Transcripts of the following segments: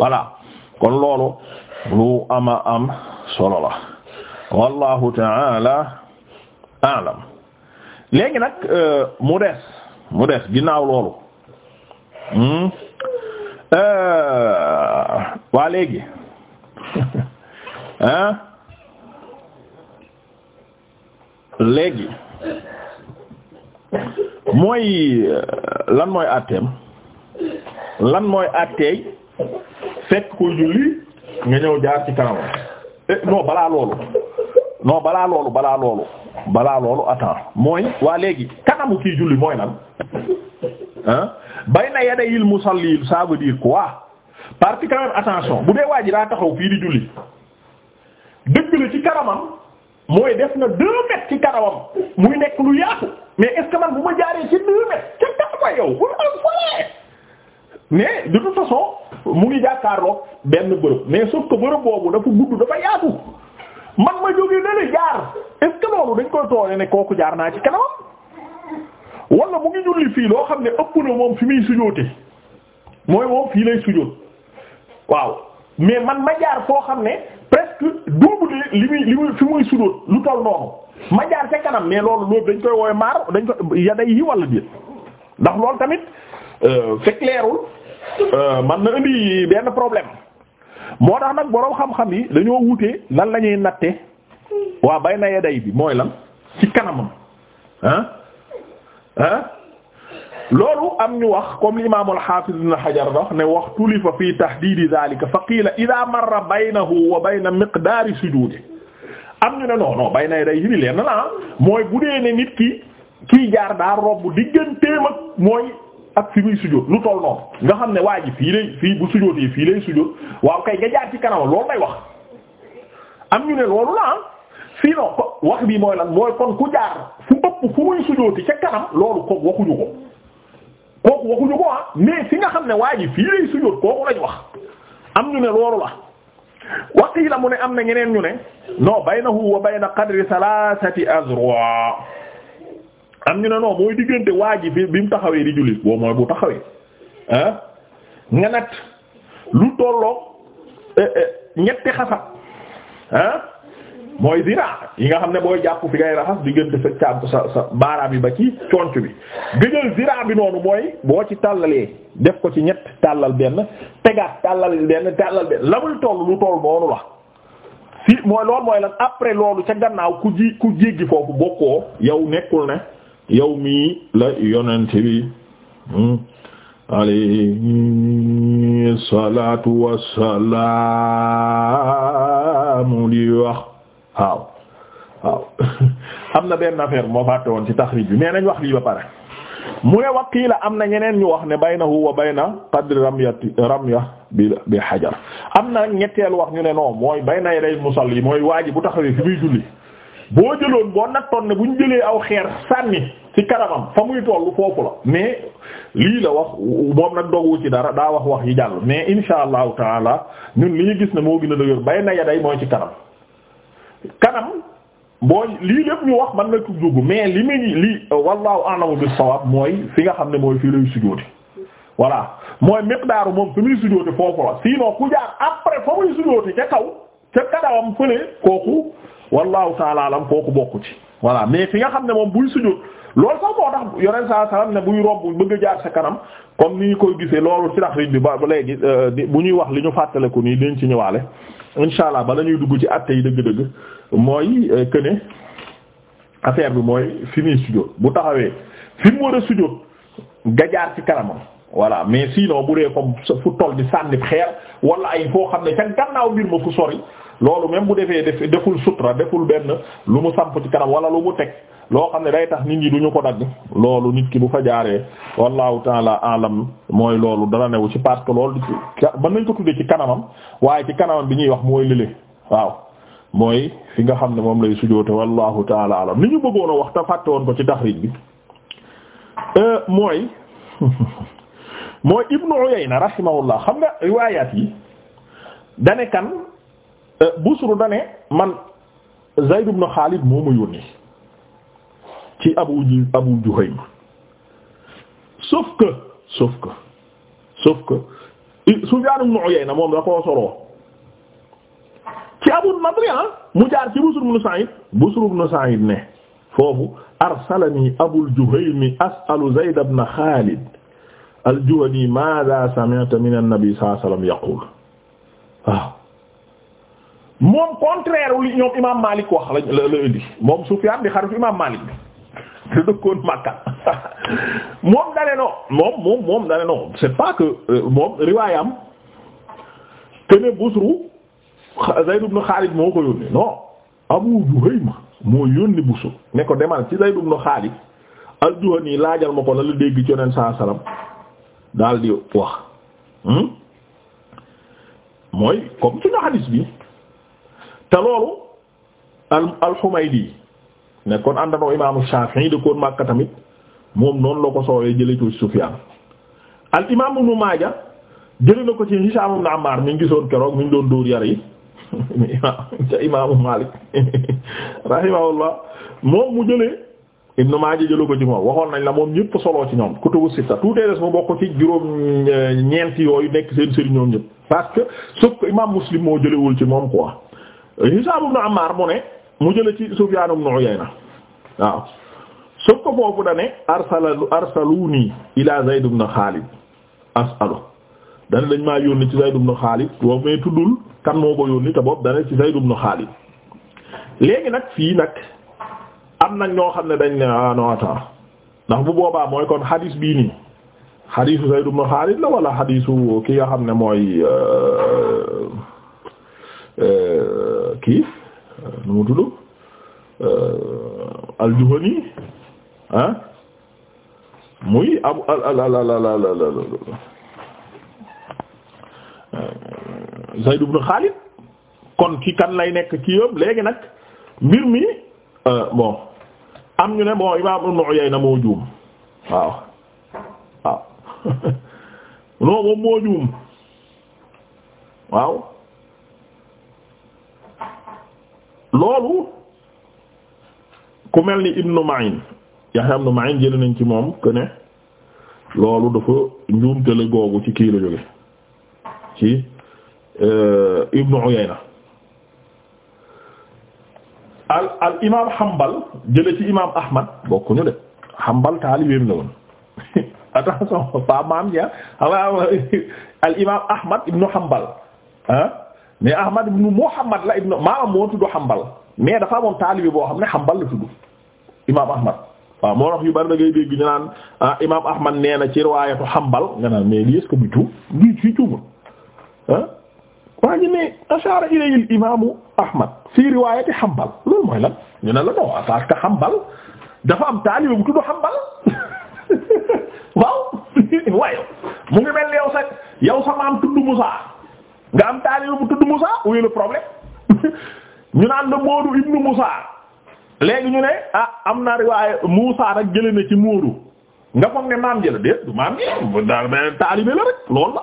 voilà kon loolu lu ama am solo la wallahu taala alam léegi nag euh, mu des mu des ginnaaw loolu hmm? euh, waa léegi ah léegi mooy euh, lan mooy àtteem lan mooy àtteey fekk koy julli nga ñëw jaar ci kanam eh, non balaa loolu non balaa loolu balaa loolu balaa loolu attends mooy waa léegi kanamu kii julli mooy lan ah bayna yadayil musalli ça veut dire quoi parce attention bu dee waa ji daa taxaw fii di julli dëgg la ci kanamam mooy def na deux mètres ci kanamam muy nekk lu yaatu mais est bu ma jaaree ci deux mètres ca taxawa yow pour am mais de toute façon mu ngi jàkkaarloog benn bërëb mais sauf que bërëb boobu dafa gudd dafa yaatu man ma jógee dale jaar est loolu dañ koy toole ne kooku jaar naa ci kanamam walla mu ngi julli fii loo xam ne ëpp na moom fi muy sujoote mooy moom fii lay sujoot waaw mais man ma jaar foo xam ne presque double li muy li muy fi muy sujoot lu toll noonu ma jaar ca kanam mais loolu loolu dañ koy wooy maar dañ koy ya day yi wala biir ndax loolu tamit euh, fekk leerul Euh, man na indi benn problème moo tax nag boroom xam-xam yi dañoo wute lan la ñuy natte waa bay na yaday bi mooy lan ci kanamam loolu am ñu wax comme li al-Hafiz Ibn Hajar wax ne wax tulifa fi tahdidi dhalika fa qiila idha marra baynahu wa bayna miqdaari sujuudi am ñu ne non non bay na bi lenn la mooy bu dee ne nit ki kiy jaar daa robb digganteem ak mooy ak fi muy sujjóot lu toll noonu nga xam ne waa ji fii lay fii bu sujjóotee fii lay sujjóot waaw kay nga jaar ci kanam loolu lay wax am ñu ne loolu la ah sinon ko wax bi mooy lan mooy kon ku jaar fu ëpp fu muy sujjóoti ca kanam loolu kooku waxuñu ko kooku waxuñu ko ah mais fi nga xam ne waa ji fii lay sujjóot kooku lañ wax am ñu ne loolu la waqiila mu ne am na ñeneen ñu ne noo baynahu wa bayna qadri thalathati azra am ñu ne non mooy diggante waa ji bi bi mu taxawee di jullit boobu mooy bu taxawee ah nga nat lu tolloo eh, eh, ñetti xasab ah mooy zira yi nga xam ne booy jàpp fi ngay raxas diggante sa càmp sa sa baaraam yi ba ci conc bi gëjal zira bi noonu mooy boo ci tàllalee def ko ci ñett tàllal benn tegaat tàllal benn tàllal benn la muy toll lu toll noonu la si mooy loolu mooy lan après loolu ca gannaaw ku ji ku jéggi foofu bokkoo yow nekkul ne yow mi la yonent bi hmm, alayhi salaatu wassalaamu li wax waaw waaw am na benn affaire moo fàtte woon ci taxrij bi mais nañ wax lii ba pare mu ne waqiila am na ñeneen ñu wax ne baynahu wa bayna qadri ramyati ramya bi bi xajar am na ñetteelu wax ñu ne non mooy bayna yaday musalli mooy waa ji bu taxawee fi muy julli boo jëloon boo nattoon ne bu ñu jëlee aw xeer sànni ci karamam fa muy tollu foofu la mais lii la wax moom nag dogu ci dara daa wax wax yi jàll mais insha allahu taala ñun li ñu gis ne moo gën a dëgër bay na yaday mooy ci kanam kanam boo lii lépp ñu wax man na ko dugg mais li mu lii wallahu a'lamu bis-sawab mooy fi nga xam ne mooy fii lay sujjóote voilà mooy miqdaaru moom fi muy sujjóote foofu la sinon ku jaar après fa muy sujjóote ca kaw ca kanamam fële kooku wallahu taala alam kooku bokku ci voilà mais fi nga xam ne moom buy sujjóot lool sax moo tax yoneen saa salaam ne buy romb bëgg a jaar sa kanam comme ni ñu koy gisee loolu ci taxriij bi ba léegi euh, bu ñuy wax li ñu fàttaleku nii dinañ ci ñëwaale insha allah bala ñuy dugg ci àtte yi dëgg-dëgg mooy euh, que ne bi mooy fi muy sujjóot bu taxawee fi mu war sujjóot nga ci kanamam voilà mais sinon bu dee comme fu toll di sànni xeer wala ay foo xam ne ca gannaaw mbir ma fu sori loolu même bu defee def deful sutra deful benn lu mu samp ci kanam wala lu mu teg loo xam ne day tax nit ñi duñu ko dagg loolu nit ki bu fa jaaree wallahu taala alam mooy loolu dara newu ci parce que loolu ci mën nañ ko tuddee ci kanamam waaye ci kanamam bi ñuy wax mooy lële waaw mooy fi nga xam ne moom lay sujoote wallahu taala alam li ñu bëggoon waxta wax te fàtte woon ko ci taxriij bi euh, mooy mooy Ibnu Uyayna rahimahullah xam nga riwaayaat yi dane Busru da ne man Zayd ibn Khalid moo ma yónni ci Abu Abu Juhaym sauf que sauf que sauf que Sufyan ibn Uyayna moom da koo soroo ci Abu Nadr ah, mu jaar ci Busru ibn Sa'id Busru ibn Sa'id ne foofu arsalani Abu Juhaym as'alu Zayd ibn Khalid al-Juhani madha sami'ta min an-nabi sallallahu alayhi wa sallam yaqul waaw moom contraire li ñoom imaam Malik wax la la la indi moom Sufyaan di xaritu imaam Malik bi te dëkkoon Makka moom dane non moom moom moom dane non c'est pas que euh, moom riwaayam te ne Busru Zayd ibn Khalid moo ko yónnee non Abu Juhayma moo yónni Busru ne ko demal ci Zayd ibn Khalid al-Juhani laajal ma ko la la dégg ci Yonent saa salaam daal di wax hmm? mooy comme suñu hadis bi. te loolu al al-Humaydi nekkoon àndandoo imaamu Shafi'i dëkkoon màkk tamit moom noonu la ko soowee jëlee ci Sufyaan al imaam Ibnu Maaja jëlee na ko ci Hishaam ibn Ammaar mi ngi gisoon keroog mu ngi doon dóor yar yi ca imaamu Maalik rahimahullah moom mu jëlee Ibnu Maaja jëlee ko ci moom waxoon nañ la moom ñëpp soloo ci ñoom kutubu sitta tuutee des mu bokk ci juróom ñeenti yooyu nekk seen sëriñ ñoom ñëpp parce que sauf que imaam Muslim moo jëlewul ci moom quoi. Hisaam ibn Ammaar mu ne mu jële ci Sufyaan ibn Uyayna waaw soog ko foofu da ne arsala arsaluuni ila Zayd ibn Xaalid asalu dana dañ maa yónni ci Zayd ibn Xaalid boobu may tuddul kan moo ko yónni te boobu dana ci Zayd ibn Xaalid léegi nag fii nag am nag ñoo xam ne dañ ne ah non ndax bu boobaa mooy kon xadiis bii nii xadiisu Zayd ibn Xaalid la wala xadiisu ki nga xam ne mooy euh, mu tudd euh, al-Juhani ah muy abu al al al al euh, Zayd ibn Khalid kon ci kan lay nekk ci yëpp léegi nag mbir mi euh, bon am ñu ne bon Imaam Ibn Uyayna moo juum waaw waaw non moom moo juum waaw. loolu ku mel ni Ibnu Ma'in Yahya ibnu Ma'in jël nañ ci moom que ne loolu dafa njuumte la googu ci kii la jóge ci euh, Ibnu Uyayna al al imaam Hanbal jële ci imaam Ahmad bokkuñu de Hanbal taalibeem la woon attention fa maam ja al imaam Ahmad ibnu Hanbal mais Ahmad ibn Muhammad la ibn maamam moo tudd Hanbal mais dafa amoon taalibi boo xam ne xambal la tudd imaam Ahmad waaw yu bari da ngay dégg ñu ah, nee na ci riwaayatu Hanbal nga naan mais lii est-ce que bu tuub lii ah. waa ñu ne ashara ilayhi al Ahmad fi riwaayati Hanbal loolu mooy lan ñu ne la non parce que Hanbal dafa am taalibi bu tudd Hanbal waaw mu ngi mel ni yow sax yow sa maam tudd Musa. nga am taalibe bu tudd Moussa où est problème ñu naan la Moodu ibnu Moussa léegi ñu ne a ah, am na riwaaya Moussa nag jëlee na ci Moodu nga foog ne maam jëla déet du maam jëla daal beneen la rek loolu la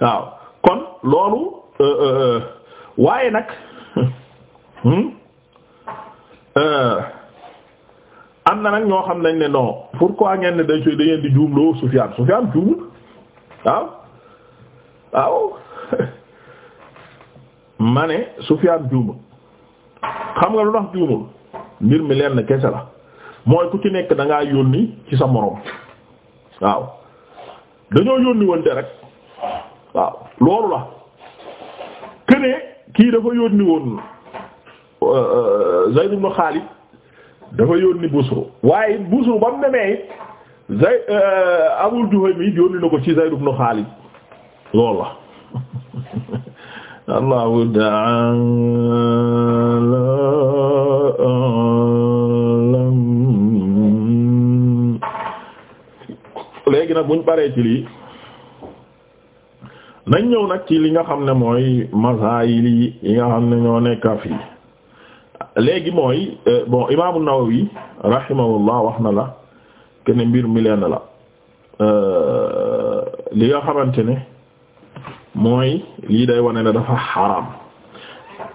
waaw kon loolu euh, euh, euh, waaye nag hmm, am na nag ñoo xam nañ ne non pourquoi ngeen ne dañ da ngeen di juumloo Soufiane Soufiane juumul waaw. waaw ma ne Sufyaan juumul xam nga lu tax juumul mbir mi lenn kese la mooy ku ci nekk da ngaa yónni ci sa moroom waaw dañoo yónni wante rek waaw loolu la këne kii dafa yónni woon euh, euh, Zayd ibn Khalid dafa yónni Busru waaye Busru ba mu demee Zayd euh, Abul Juhaymi yónni na ko ci Zayd ibn Khalid loolu la Allahu ta'ala léegi nag buñ paree ci lii nañ ñëw nag ci li nga xam ne mooy masaayil yi nga xam ne ñoo nekka fii léegi mooy euh, bon imaamu Nawawi rahimahullah wax na la kenn mbir mi leen la euh, li nga xamante ne mooy lii day wane ne dafa xaram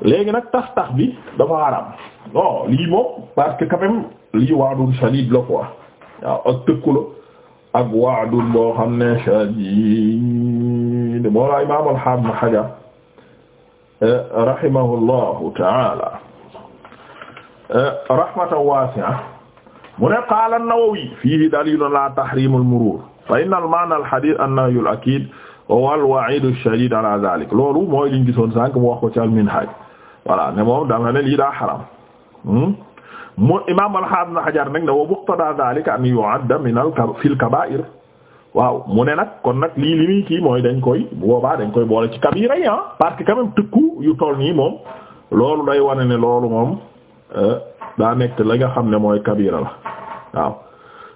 léegi nag tax bi dafa xaram non lii moom parce que quand lii waadul shadid la quoi waaw ak tëkku la ak waadul boo xam ne shadid moo la imaam al-Hafiz Hajar rahimahullahu ta'ala rahmatan wasi'a mu ne qaala an-Nawawi fiihi daliilun ala tahriimil muruur fa inna al-ma'na al-hadiith an-nahyu al-akiid wal wa'idu shadid ala zalik loolu mooy liñ gisoon sànq mu wax ko ci al-Minhaj voilà ne moom dafa ne lii daa xaram hmm? mu imaam al-Hafiz Hajar nag ne wa muqtada zalika an yu'adda min fil kaba'ir waaw mu ne nag kon nag lii li muy kii mooy dañ koy boobaa dañ koy boole ci kabira yi ah parce que quand même tëkku yu toll nii moom loolu day wane ne loolu moom euh, daa nekk la nga xam ne mooy kabira la waaw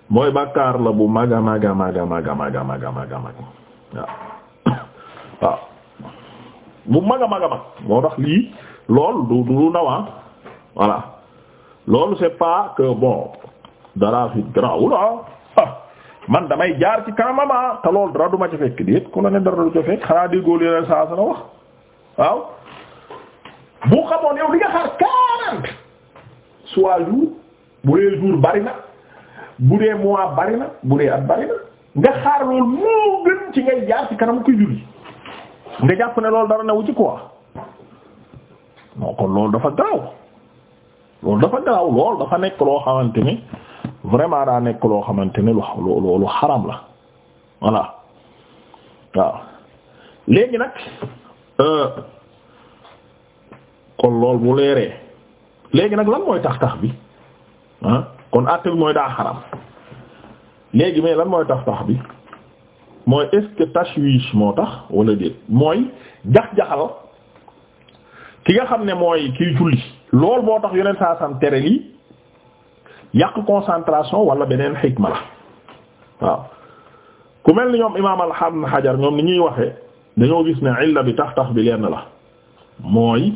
mooy bàkkaar la bu maga maga maga maga maga maga maga maga waaw waaw bu mag a mag a mag moo tax lii lool du du nawaa ah. voilà loolu c'est pas que bon dara fi garaawul ah man damay jaar ci kanamama ah. te lool dara du ma ci fekk déet ku a ne dara du ci fekk xanaa déggoo leen saa sana wax waaw bu xamoon yow di xaar quarante soit jour bu dee jour bari na bu dee mois bari na bu dee at bari nga xaar loolu moo gën ci ngay jaar ci kanam ko julli nga jàpp ne loolu dara newu ci quoi non kon loolu dafa garaaw loolu dafa garaaw loolu dafa nekk loo xamante ni vraiment daa nekk loo xamante ni lu lu xaram la voilà waaw léegi nag euh, kon loolu bu leeree léegi nag lan mooy tax tax bi ah kon àtte mooy daa xaram léegi mais lan mooy tax tax bi. mooy est-ce tashwish moo tax wala déet mooy jax-jaxal ki nga xam ne mooy kiy julli lool boo tax yeneen saa sam tere lii yàq concentration wala beneen xikma la waaw ku mel ni ñoom imaam na xajar ñoom ni ñuy waxe dañoo gis ne illa bi tax tax bi lenn la mooy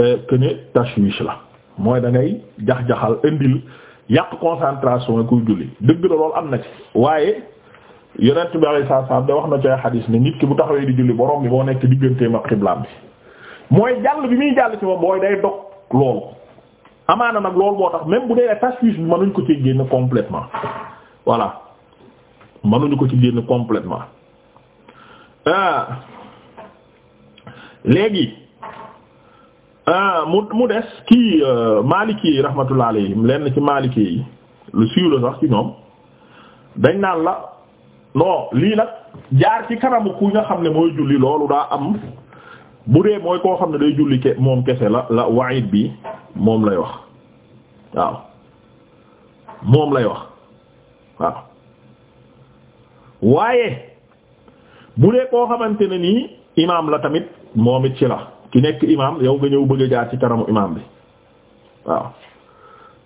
euh, que tashwish la mooy da ngay jax-jaxal indil yàq concentration kuy julli dëgg la loolu am na ci waaye yonent bi alayhi salaam da wax na ci xadiis ni nit ki bu taxawee di julli borom bi boo nekk digganteem ak xiblaam bi mooy jàll bi muy jàll ci moom mooy day dog loolu amaana nag lool moo tax même bu dee ay tashwish bi mënuñ ko ci génn complètement voilà mënuñu ko ci génn complètement ah. léegi ah, mu mu des kii euh, Maliki yi rahmatullah leen lenn ci Maliki yi lu siiw la sax ci ñoom dañ naan non lii nag jaar ci kanamu ku nga xam ne mooy julli loolu daa am bu dee mooy koo xam ne day julli ke moom kese la la waayit bi moom lay wax waaw moom lay wax waaw waaye bu dee koo xamante ne nii imaam la tamit moom it ci la ki nekk imaam yow nga ñëw bëgg jaar ci kanamu imaam bi waaw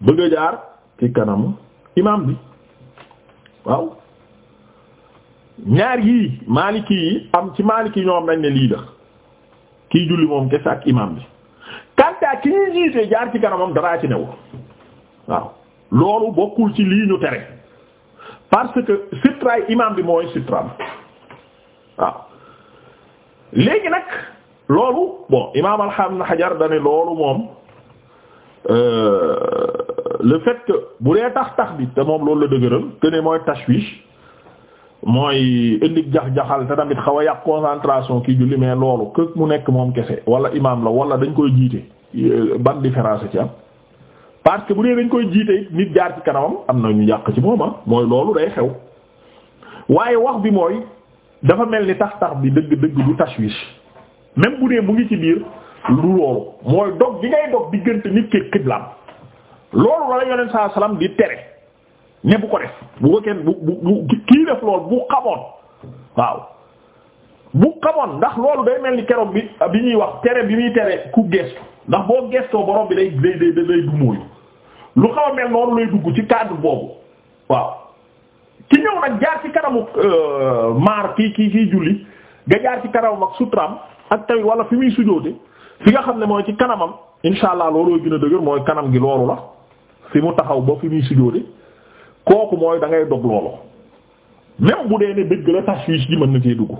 bëgg jaar ci kanamu imaam bi waaw ñaar yii maaliki yi am ci maaliki yi ñoom nañ ne lii la kii julli moom kese ak imam bi kantaa ki ñuy jiitee jaar ci kanamam daraa ci newul waaw loolu bokkul ci lii ñu tere parce que sitraay imam bi mooy sitraam waaw léegi nag loolu bon imam alhamna xajar dane loolu moom euh, le fait que bu dee tax tax bi te moom loolu la dëgëral que ne mooy tashwish mooy indi jax-jaxal te tamit xaw a yàq concentration kii julli mais loolu kër mu nekk moom kese wala imaam la wala dañ koy jiite ban différence ci am parce que bu dee dañ koy jiite nit jaar ci kanamam am na ñu yàq ci moom am ah mooy loolu day xew waaye wax bi mooy dafa mel ni tax tax bi dëgg-dëgg du tashwish même bu dee mu ngi ci biir lu loolu mooy dog gi ngay dog diggante nit ki xiblaam loolu la yoneen saa salaam di tere. ne bu ko def bu ko kenn bu bu kii def lool bu xamoon waaw bu xamoon ndax loolu day mel ni keroog bi bi ñuy wax tere bi muy tere ku gestu ndax boo gestoo borom bi day day day day dumóoyu lu xaw a mel noonu lay dugg ci cadre boobu waaw ki ñëw nag jaar ci kanamu euh, maar kii kii kii julli nga jaar ci kanamam ak sutram ak tamit wala fi muy sujoote fi nga xam ne mooy ci kanamam insha allah looloo gën a dëgër mooy kanam gi loolu la fi mu taxaw ba fi muy sujoote kooku mooy da ngay dog loolu même bu dee ne dëgg la tashwish bi mën na cee dugg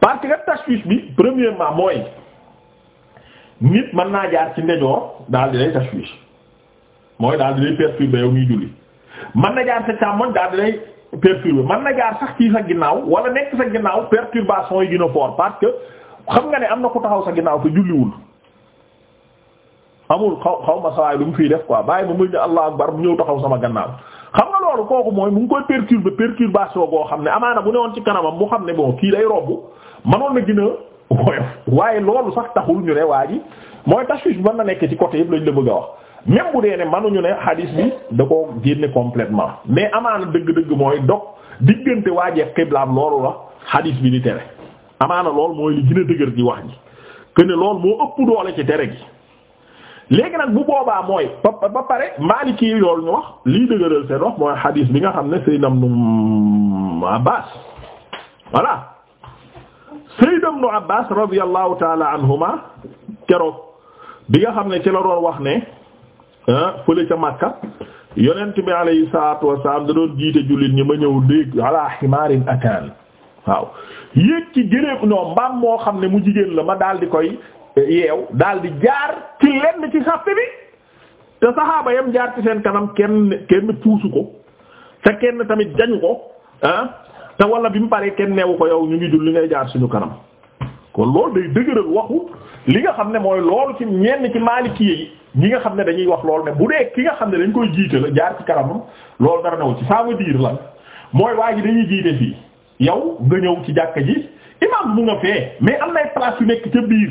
parce que tashwish bi premièrement mooy nit mën naa jaar ci ndejoor daal di lay tashwish mooy daal di lay perturber yow muy julli mën na jaar sa càmmoñ daal di lay perturber mën na jaar sax ci sa ginnaaw wala nekk sa ginnaaw perturbation yi gën a parce que xam nga ne am na ku taxaw sa ginnaaw te julliwul amul xaw xaw ma sawaay lu mu fii def quoi bàyyi ma muy ne Allah akbar mu ñëw taxaw sama gannaaw xam nga loolu kooku mooy mu ngi koy perturber perturbation boo xam ne amaana bu ne woon ci kanamam mu xam ne bon kii day robbu manoon na gën a waaye loolu sax taxul ñu ne waa ji mooy tashwish bi mën na nekk ci côté yëpp lañ la bëgg a wax même bu dee ne ñu ne hadis bi da ko génne completement mais amaana dëgg-dëgg mooy dog diggante waajee xiblaam loolu la hadis bi di tere amaana loolu mooy li gën a dëgër di wax ji que ne loolu moo ëpp doole ci tere léegi nag bu boobaa mooy ba ba pare Maliki loolu ñu wax lii dëgëral seen wax mooy xadiis bi nga xam ne Sayyidna Ibnu Abbaas voilà Sayyidna Ibnu Abbaas radiyallahu taala anhuma keroog bi nga xam ne ci la doon wax ne ah, fële ca Makka yonent bi alayhi salaatu wassalaam da doon jiite jullit ñi ma ñëw dégg ala ximaarin ataan waaw yéeg ci gëléem non mbaam moo xam ne mu jigéen la ma daal di koy yeew daal di jaar ci lenn ci sàppe bi te saxaaba yam jaar ci seen kanam kenn kenn puusu ko te kenn tamit jañu ko ah, te wala bi mu paree kenn neewu ko yow ñu ngi julli ngay jaar suñu kanam kon lool day dëgëral waxu li nga xam ne mooy lool ci ñenn ci maaliki yi ñi nga xam ne dañuy wax loolu ne bu dee ki nga xam ne dañ koy jiite la jaar ci kanamam loolu dara new ci ça veut dire la mooy waa ji dañuy jiite fii yow nga ñëw ci jàkka ji imam mu nga fee mais nekk ca biir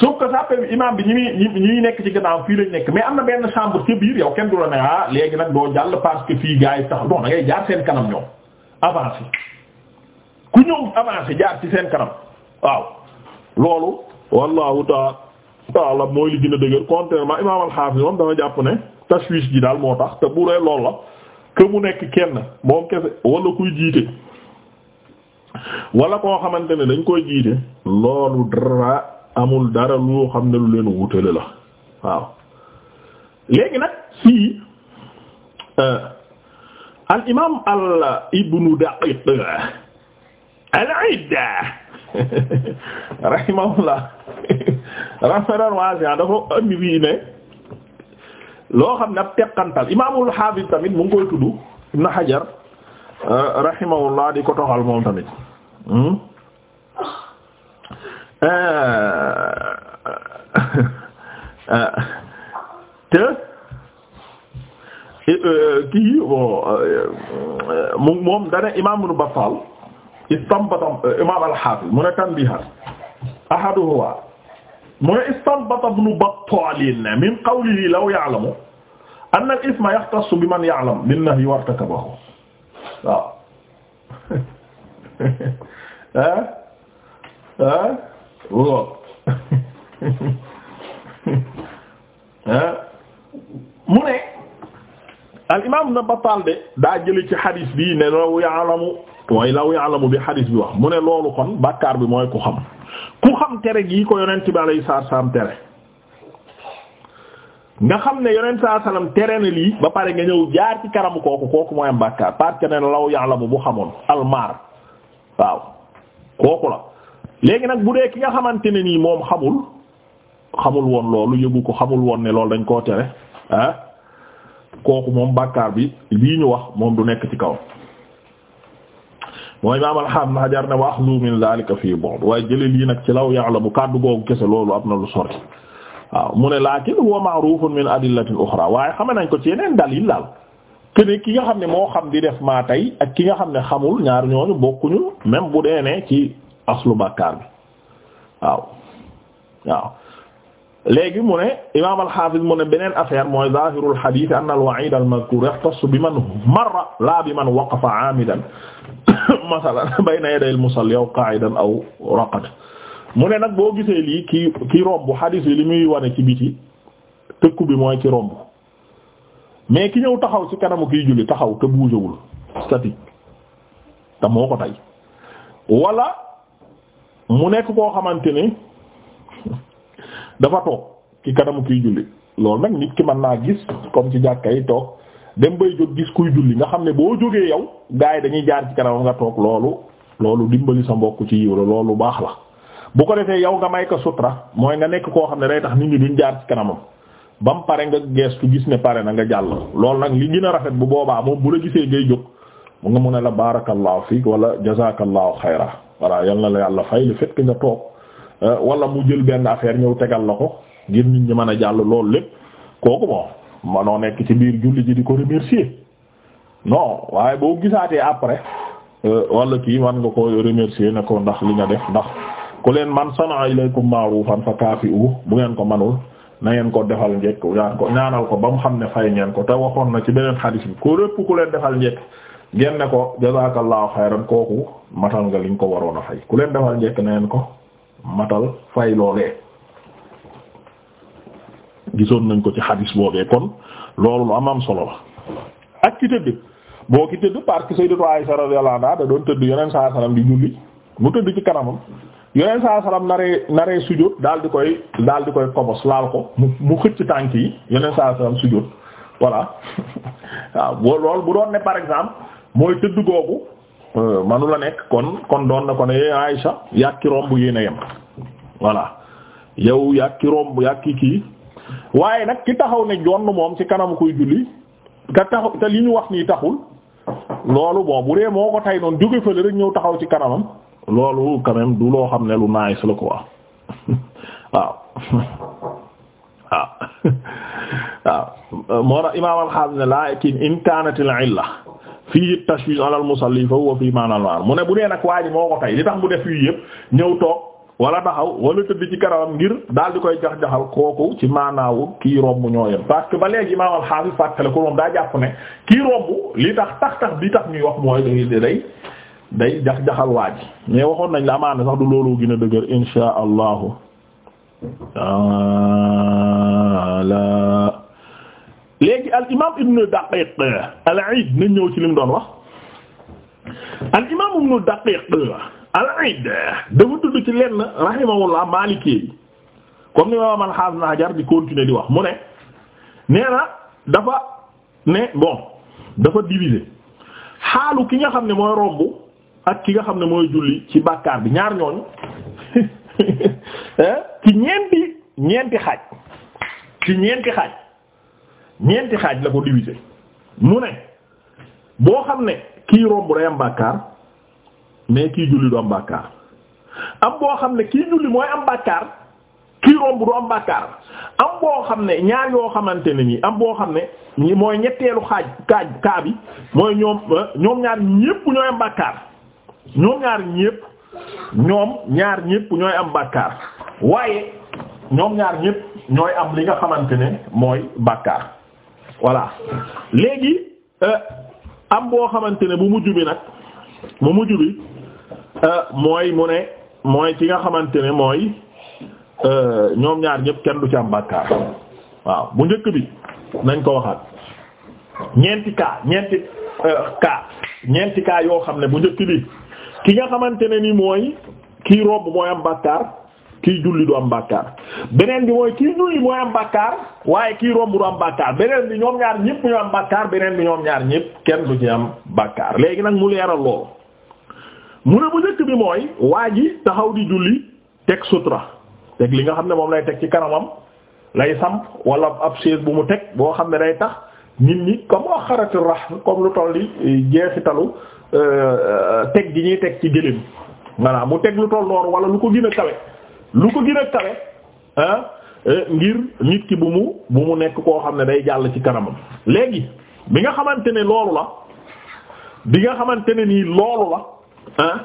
sauf que sàppe bi imam bi ñi muy ñi nekk ci gannaaw fii lañ nekk mais am na benn chambre ci biir yow kenn du la ne ah léegi nag doo jàll parce que fii gars yi tax bon da jaar seen kanam ñoom avancé ku ñëw avancé jaar ci seen kanam waaw loolu wallahu taala mooy li gën a dëgër contrairement imam al-Hafiz moom dafa jàpp ne tashwish ji daal moo tax te bu dee loolu la que nekk kenn moom kese wala kuy jiite wala koo xamante ne dañ koy jiite amul dara loo xam ne lu leen wutale la waaw léegi nag fii euh, al imaam al ibnu daqiq al iid rahimahullah rahmatan wasi'a ah, dafa andi fii ne loo xam ne ab teqantal imaamul hafiz tamit mu koy tudd ibnu hajar euh, rahimahullah di ko toxal moom tamit hmm? Euh, euh, euh, te kii bon mu moom dane imam ibn Battal istanbata imam al-Hafiz mu ne tanbihan ahaduhuma mu ne istanbata ibn Battal min qawlihi law ya'lamu anna al-ithma yahtassu biman ya'lam min-nahyi wa irtakabahu waaw mu ne al imaam na Battaal de daa jëli ci xadis bi ne law ya'lamu mooy law ya'lamu bi xadis bi wax mu ne loolu kon bàkkaar bi mooy ku xam ku xam tere gii ko yonent bi alayhi saam tere nga xam ne yonent saa salaam tere na lii ba pare nga ñëw jaar ci karamu kooku kooku mooy am bàkkaar parce que law ya'lamu bu xamoon almaar waaw kooku la léegi nag bu dee ki nga xamante ne nii moom xamul xamul woon loolu yëgu ko xamul woon ne loolu dañ koo tere ah, kooku moom bàkkaar bi lii ñu wax moom du nekk ci kaw mooy imaam alxam na xajar ne wax axlu min zalika fii bon waaye jële lii nag ci law bu kàddu googu kese loolu am na lu sori waaw mu ne lakin huwa ma'rufun min adillatin uxra waaye xame nañ ko ci yeneen dalil daal kene ki nga xam ne moo xam di def maa tey ak ki nga xam ne xamul ñaar bokkuñu même bu aslu bàkkaar bi waaw léegi mu ne imaam al-Hafiz mu ne beneen affaire mooy zaahirul hadiis anna al-wa'iid al-mazkuur yaxtassu bi man marra laa bi man waqafa aamidan masalan bayna yaday al-musalli aw qaa'idan aw raqada mu ne nag boo gisee lii ki ki romb hadiis li muy wane ci biti tëkku bi mooy ki romb mais ki ñëw taxaw ci kanamu ki julli taxaw te bougéwul statique te moo ko tey wala mu nekk koo xamante ni dafa toog ci kanamu kiy julli loolu nag nit ki mën naa gis comme ci jàkka yi toog dem bay jóg gis kuy julli nga xam ne boo jógee yow gars yi dañuy jaar ci kanamam nga toog loolu loolu dimbali sa mbokk ci yiw la loolu baax la bu ko defee yow nga may ko sutura mooy nga nekk koo xam ne day tax nit ñi duñ jaar ci kanamam ba mu pare nga geestu gis ne pare na nga jàll loolu nag li gën a rafet bu boobaa moom bu la gisee ngay jóg mu nga mun a la barakallahu fiik wala jazakallahu xayra voilà yal na la yàlla fay le fait nga toog euh, wala mu jël benn affaire ñëw tegal na ko ngir nit ñi mën a jàll loolu lépp kooku bon manoo nekk ci biir julli ji di ko remercier non waaye boo gisaatee après euh, wala kii man nga ko remercier ne ko ndax li nga def ndax ku leen man sana ilaykum ma'rufan fa kaafi'u bu ngeen ko manul na ngeen ko defal njekk ñaan ko ñaanal ko ba mu xam ne fay ngeen ko te waxoon na ci beneen xadiis bi ko rëpp ku leen defal njekk ngeen ne ko jazakallahu xayran kooku matal nga liñ ko waroon a fay ku leen defal njekk neen ko matal fay loolee gisoon nañ ko ci xadis boobee kon loolu lu am am solo la ak ki tëdd boo ki tëdd parce que sayyidatu Aisha radiyallahu anha da doon tëdd yoneen saa salaam di julli mu tëdd ci kanamam yeneen saa salaam naree naree sujjóot daal di koy daal di koy kobos laal ko mu mu xëcc tànk yi yoneen saa salaam sujjóot voilà waaw lool bu doon ne par exemple mooy tëdd googu euh, manu la nekk kon kon doon na ko ne yee eh, Aïcha yàkki romb yéen a yem voilà yow yàkki romb yàkki kii waaye nag ki taxaw ne jonn moom ci kanam koy julli ka taxaw te li ñu wax nii taxul loolu bon bu dee moo ko tay noonu jóge fële rek ñëw taxaw ci kanamam loolu quand du loo xam ne lu nice la quoi waaw waaw moo tax imaam al-Xaam ne laakin in kaanatil illa fii tashwish ala al musalli fa huwa fii maanaam waar mu ne bu dee nag waa ji moo ko tey li tax mu def fii yëpp ñëw toog wala taxaw wala tëdd ci karawam ngir daal di koy jax-jaxal kooku ci maanaawu kii romb ñoo yem parce ba léegi imaam al-Hafiz fàttale ko moom daa jàpp ne kii romb li tax tax tax bi tax ñuy wax mooy day day day jax-jaxal waa ji waxoon nañ la amaana sax du loolu gën a dëgër insha allahu taala léegi al imaam ibnu daqiq al nañ ñëw ci lim doon wax al imaam ibnu daqiq al dafa tudd ci lenn rahimahullah maalikee yi comme ni ma man xaas naa jar di continuer di wax mu ne nee dafa ne bon dafa diviser xaalu ki nga xam ne mooy romb ak ki nga xam ne mooy julli ci bàkkaar bi ñaar ñooñu eh, ci ñeenti ñeenti xaaj ci ñeenti xaaj ñeenti xaaj la ko diviser mu ne boo xam ne kii romb day am bàkkaar mais kii julli du am bàkkaar am boo xam ne kii julli mooy am bàkkaar kii romb du am bàkkaar am boo xam ne ñaar yoo xamante ne nii am boo xam ne ñi mooy ñetteelu xaaj kaaj kaa bi mooy ñoom ñoom ñaar ñépp ñooy am ñoom ñaar ñépp ñoom ñaar ñépp ñooy am bàkkaar waaye ñoom ñaar ñépp ñooy am li nga xamante ne mooy bàkkaar voilà léegi euh, am boo xamante ne bu mujj bi nag bu mujj bi euh, mooy mu ne mooy ci nga xamante ne mooy euh, ñoom ñaar ñëpp kenn du ci am bàkkaar waaw bu njëkk bi nañ ko waxaat ñeenti cas ñeenti cas ñeenti cas yoo xam ne bu njëkk bi ki nga xamante ne ni mooy kii robb mooy am bàkkaar kiy julli du am bàkkaar beneen bi mooy kiy julli mooy am bàkkaar waaye kiy romb du am bàkkaar beneen bi ñoom ñaar ñëpp ñu am bàkkaar beneen bi ñoom ñaar ñëpp kenn du ci am bàkkaar léegi nag mu leeral loolu mu ne bu njëkk bi mooy waa ji taxaw di julli teg sutura teg li nga xam ne moom lay teg ci kanamam lay samp wala ab chaise bu mu teg boo xam ne day tax nit ñi comme axarati rax comme lu toll di eh, jeexitalu eh, eh, teg gi ñuy teg ci gëléem voilà mu teg lu toll noonu wala lu ko gën a lu ko gën a kawe ah eh, ngir nit ki bu mu bu mu nekk koo xam ne day jàll ci kanamam léegi bi nga xamante ne loolu la bi nga xamante ne nii loolu la ah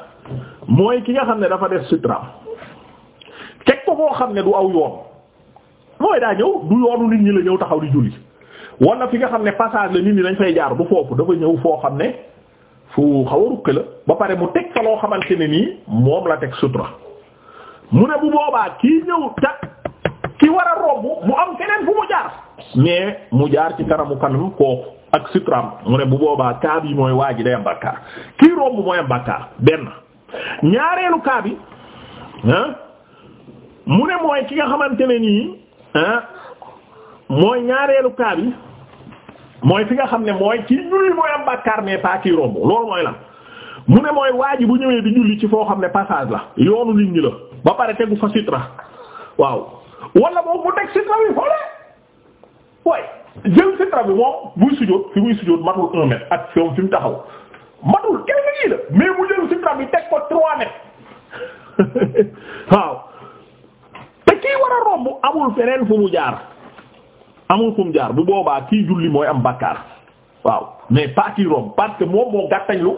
mooy ki nga xam ne dafa def sutra teg ko koo xam ne du aw yoon mooy daa ñëw du yoonu nit ñi la ñëw taxaw di julli wala fi nga xam ne passage la nit ñi dañ fay jaar du foofu dafa ñëw foo xam ne fu xaw a la ba pare mu teg ko loo xamante ne nii moom la teg sutra mu ne bu boobaa kii ñëw tak ki war a romb mu am feneen fu mu jaar mais mu jaar ci kanamu kanam kooku ak sutram mu ne bu boobaa kaa bi mooy waa ji day am bàkkaar kii romb mooy am bàkkaar benn ñaareelu kaa bi mu ne mooy ki nga xamante ne nii mooy ñaareelu kaa bi mooy fi nga xam ne mooy kii julli mooy am bàkkaar mais pas kii romb loolu mooy lan mu ne mooy waa bu ñëwee di julli ci foo xam ne passage la yoonu nit la. ba pare tegu fa sitra waaw wala moom mu teg sitra bi foolee jël sitra bi moom muy sujjóot fi muy sujjóot matul un mètre ak fi mu taxaw matul kenn gi la mais mu jël sitra bi teg ko trois mètres waaw te kii war a romb amul feneen fu mu jaar amul fu mu jaar bu boobaa kii julli mooy am bakkaar waaw mais pas kii romb parce que moom moo gàttañlu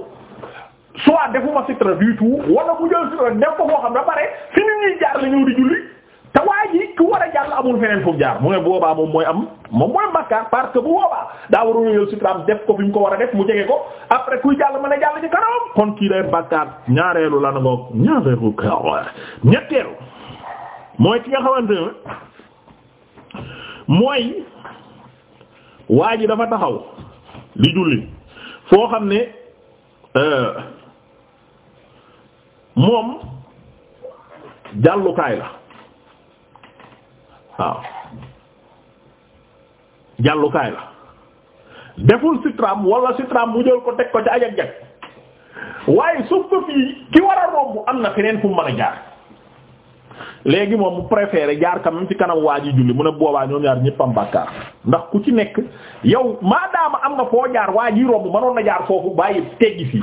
soit defuma sitra du tout wala mu jël sitra def ko foo xam ne pare fi nit ñuy jaar la ñëw di julli te waa ji ku war a jàll amul feneen fu jaar mu boobaa moom mooy am moom mooy bàkkaar parce que bu boobaa daa war a jël am def ko fi mu ko war a def mu jege ko après kuy jàll mën a jàll ci kanam kon kii day bàkkaar ñaareelu la ngoog ñaareelu kaw ñetteelu mooy ki nga xamante ne mooy ji dafa taxaw li julli foo xam ne. Euh, moom jàllukaay la waaw jàllukaay la deful sitram wala sitram mu jël ko teg ko ci ajak waaye suuf ko fii ki war a romb am na feneen fu mu a jaar léegi moom mu préféré jaar quand même ci kanam waa ji julli mu ne boobaa ñoom ñaar ñëpp bàkkaar ndax ku ci nekk yow maadaama am na foo jaar waa ji romb mënoon na jaar foofu bàyyi teggi fii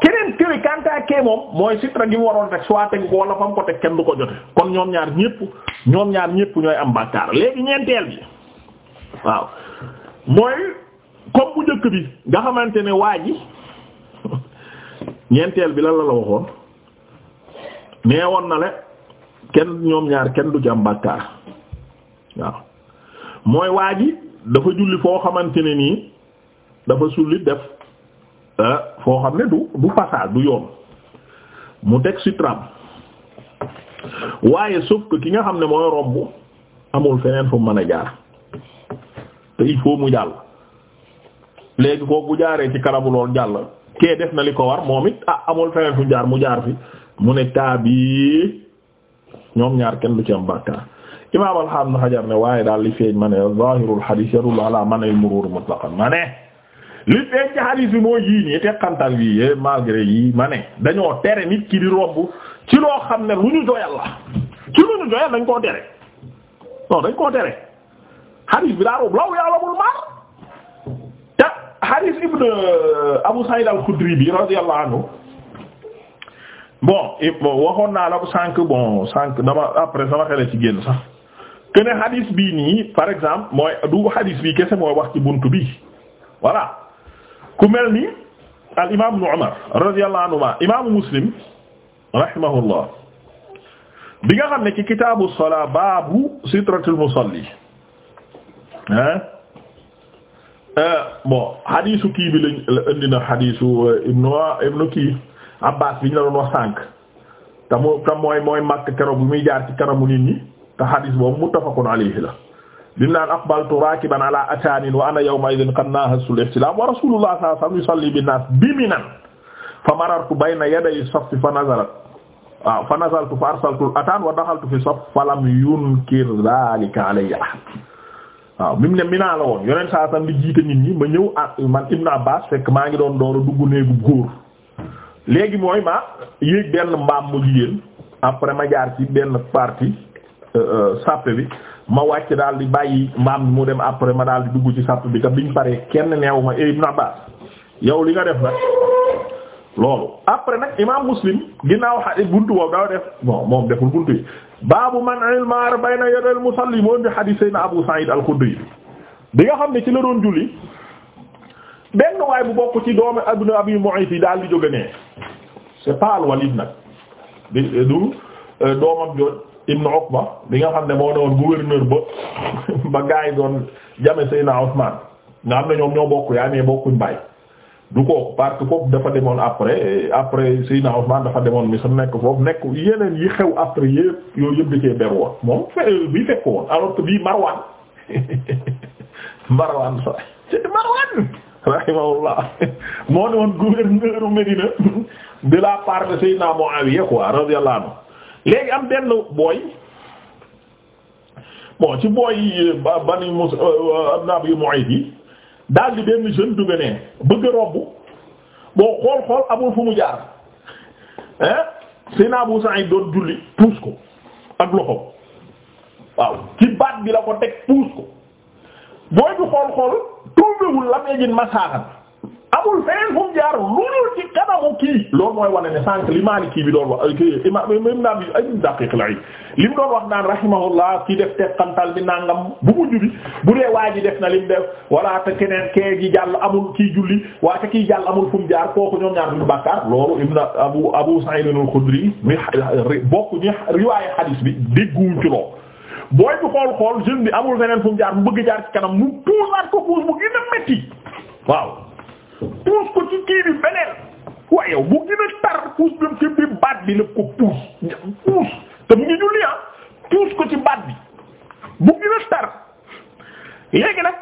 keneen këri kantaa kee moom mooy sitra gi mu waroon rek soit teg ko wala fam ko teg kenn du ko jote kon ñoom ñaar ñépp ñoom ñaar ñépp ñooy am bàkkaar léegi ñeenteel bi waaw mooy comme bu njëkk bi nga xamante ne waa ji ñeenteel bi lan la la waxoon nee na le kenn ñoom ñaar kenn du ci am bàkkaar waaw mooy waa ji dafa julli foo xamante ne nii dafa sulli def Euh, foo xam ne du du passage du yoon mu teg ci waaye sauf ki nga xam ne mooy romb amul feneen fu mën a jaar te il faut mu jàll léegi kooku bu jaaree ci karabu lool jàll kee def na li ko war moom it ah amul feneen fu jaar mu jaar fi mu ne kaa bi ñoom ñaar kenn du ci am bàkkaar imaam alxaam na xajar ne waaye daal li feeñ ma ne zahirul hadith yadullu ala manil murur mutlaqan ma ne li feeñ ci bi moo yii nii teqantal bi yé malgré yi ma ne dañoo tere nit ki di romb ci loo xam ne lu ñu doyal la ci lu ñu doyal dañ koo tere dañ koo tere hadis bi daa rob law ya'lamul mar te hadis ibn euh, Abu Sa'id al-Khudri bi radiyallahu anhu bon waxoon naa la sànq bon sànq dama après sama xele ci génn sax que ne hadis bii nii par exemple mooy du hadis bii kese mooy wax ci bunt bi voilà ku mel ni al imaam ibnu Umar radiyallahu anhuma imaamu Muslim rahimahullah bi nga xam ne ci kitaabu salaa baabu sitratul musalli ah bon xadiisu kii bi lañ la indi na xadiisu euh, ibnu ibnu kii Abbaas bi ñu la doon wax sànq te mu te mooy mooy màkk keroog bi muy jaar ci kanamu nit ñi te xadiis boobu muttafaqun alayhi la. bi mu naan aqbaltu rakiban ala ataanin wa bi minan fa marartu bayna yaday saffi fa nazalat waaw fa nazaltu fa arsaltu ataan wa daxaltu fi saff fa ne minaa la woon yonent saa sam nit ñi ma ñëw ah man Ibn fekk maa ngi doon door a dugg néegu góor léegi mooy ma yéeg benn mbaam mu jigéen après ma jaar ci benn partie euh, euh, sàppe bi ma wàcc daal di bàyyi maam mu dem après ma daal di dugg ci sàpp bi te biñ paree kenn neew ma eh, Ibn Abbas yow li nga def na loolu après nag imaam Muslim ginnaaw xa buntu boobu daa def bon moom deful buntu yi baabu man al-maar bayna yadal musalli moom bi hadiis Seydina Abu Saïd al-Khudri bi nga xam ne ci la doon julli benn waay bu bokk ci doom Ibn Abi Mu'ayt yi daal di jóge nee c'est pas al nag du euh, doomam jooju. ibn Uqba bi nga xam ne moo doon gouverneur ba ba gaay doon jame Seydina Usman nga xam ne ñoom ñoo bokk yaay mais bokkuñ bàyyi du ko parce foofu dafa demoon après après Seydina Usman dafa demoon mi sa nekk foofu nekk yeneen yi xew après yëpp yooyu yëpp da cee beru woon moom euh, fekk woon alors que bii Marwan Marwan sa ci Marwan moo ne woon gouverneur Médina de la part de Seydina Muawiya quoi radiyallahu anhu léegi am benn booy bon ci booy bani mus abna euh, euh, bi Mu'ayt yi daal di benn jeune duga ne bëgg a romb boo xool xool amul fu mu jaar ah Seydina Abu Sa'id doon julli puus ko ak loxo waaw ci baat bi la ko teg puus ko booy bi xool xool trouvéwul lam egin masaaxan amul feneen fu mu jaar loolu ci kanam kon kii loolu mooy wane ne sànq li Maliki bi doon wax kii imaam ma Abi Daqiiq al-Iid li mu doon wax naan rahimahullah kii def teqantal bi nangam bu mujj bi bu dee waa ji def na lim mu def wala te keneen kee gi jàll amul kii julli waa te kii jàll amul fu mu jaar kooku ñoom ñaar duñu bàkkaar loolu Ibn Abu Abu Sa'id al-Khudri mi bokk ñu riwaayu bi dégguñ ci booy bi xool xool jeune amul feneen fu mu jaar mu bëgg jaar ci kanam mu puusaat ko ko ci kii bi waaye yow bu tar puus bam ci bi baat bi lépp ko puus puus te mu ngi julli ah puus ko ci baat bi bu gën tar léegi nag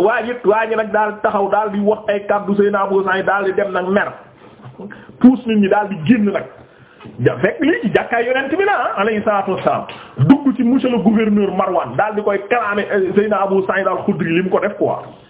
waa ji waa ji nag daal taxaw daal di wax ay kàddu seen abosan yi daal di dem nag mer puus nit ñi daal di génn nag ja fekk lii ci jàkkaay yonent bi la ah alayhi salaatu wassalaam dugg ci monsieur le gouverneur Marwan daal di koy kalaame eh, Seydina Abu Sa'id al-Khudri li mu ko def quoi